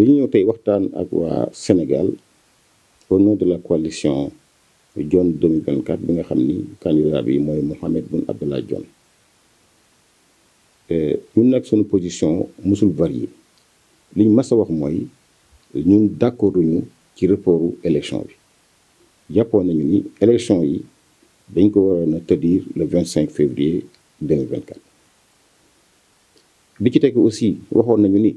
Nous avons ñëw tey waxtaan Sénégal au nom de la coalition John 2024 bi nga xam candidat bi mooy Mahammed Boun Abdallah Dionne euh, une nag sunu position musulmane variée. li ñu mas a wax mooy ñun d'accorduñu ci reportu élection bi jàppoon nañu ni élection yi dañ ko le 25 février 2024 bi ci teg aussi waxoon nañu ni.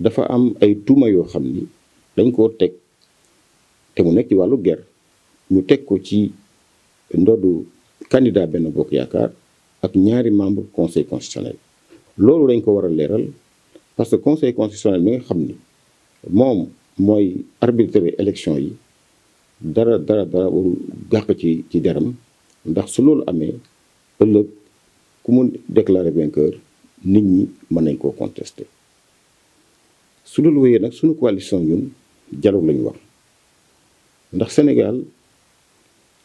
dafa am ay tuuma yoo xam ni dañ koo teg te mu nekk ci wàllu ger ñu teg ko ci ndodu candidat benn bokk yaakaar ak ñaari membre conseil constitutionnel loolu dañ ko war a leeral parce que conseil constitutionnel bi nga xam ni moom mooy arbitrer élection yi dara dara dara waru gàq ci ci deram ndax su loolu amee ëllëg ku mu déclarer vainqueur nit ñi mën nañ koo contester su loolu wéyee nag suñu coalition ñun dialogue lañu wax ndax Sénégal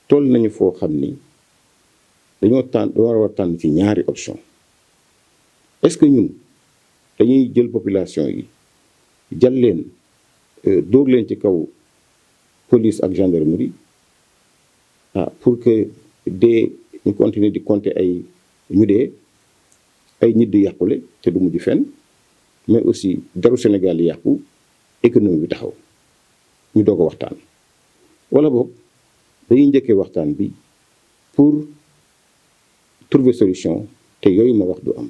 tool nañu foo xam ni dañoo tànn dañoo war a tànn ci ñaari option est-ce que ñun dañuy jël population yi jal leen euh, dóor leen ci kaw police ak gendarmerie ah pour que dee ñu continuer di compter ay ñu dee ay nit di yàqule te du mujj fenn mais aussi daru Sénégal yi yàqu économie bi taxaw ñu dogo a waxtaan wala bok dañuy njëkkee waxtaan bi pour trouver solution té yooyu ma wax du am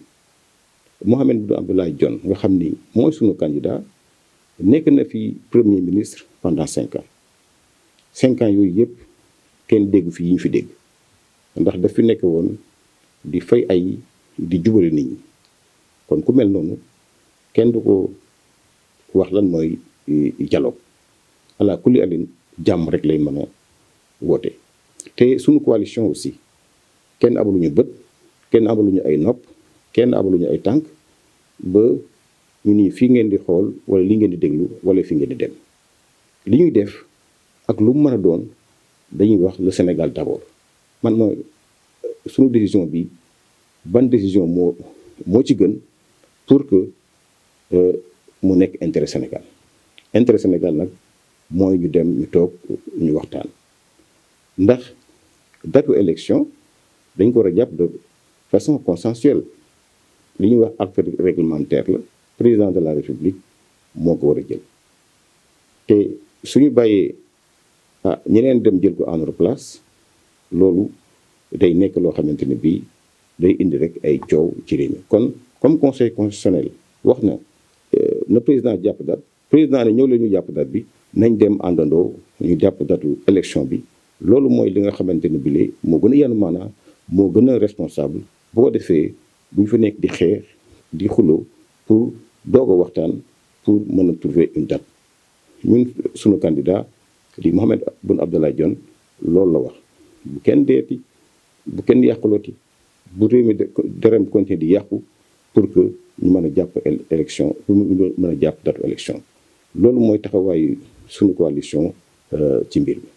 Mohamed Boun Abdallah Dionne nga xamni moy mooy sunu candidat nek na fi premier ministre pendant 5 ans 5 ans yooyu yépp kenn dégg fi yi ñu fi dégg ndax daf fi nekk woon di fay ay di jubale nit ñi kon ku mel noonu kenn du ko wax lan mooy euh, dialogue ala kulli alin jàmm rek lay mën a woote te suñu coalition aussi kenn ñu bët kenn abaluñu ay nopp kenn abaluñu ay tànk ba ñu nii fii ngeen di xool wala lii ngeen di déglu wala fi ngeen di dem li ñuy def ak lu mu mën a doon dañuy wax le Sénégal d'abord man mooy suñu décision bi ban décision moo moo ci gën pour que mu nekk intérêt Sénégal intérêt Sénégal nag mooy ñu dem ñu toog ñu waxtaan ndax datu élection dañ ko war a jàpp de façon consensuelle li ñuy wax acte réglementaire la président de la république moo ko war a jël te suñu bàyyee ah ñeneen dem jël ko en leur place loolu day nekk loo xamante ne bii day indi rek ay coow ci réew mi kon comme conseil constitutionnel wax na na président jàpp date président ne ñëw leen ñu jàpp date bi nañ dem àndandoo ñu jàpp datu élection bi loolu mooy li nga xamante ne bile moo gën a yanu maanaa moo gën a responsable bu ko defee bu ñu fa nekk di xeex di xuloo pour doog a waxtaan pour mën a trouver une date ñun sunu candidat di Mohamed Boun Abdallah Dionne loolu la wax bu kenn deeti bu kenn yàqalooti bu réew continuer di yàqu pour que ñu mën a jàpp élection pour ñu mën a jàpp datu élection loolu mooy taxawaayu suñu coalition euh, ci mbir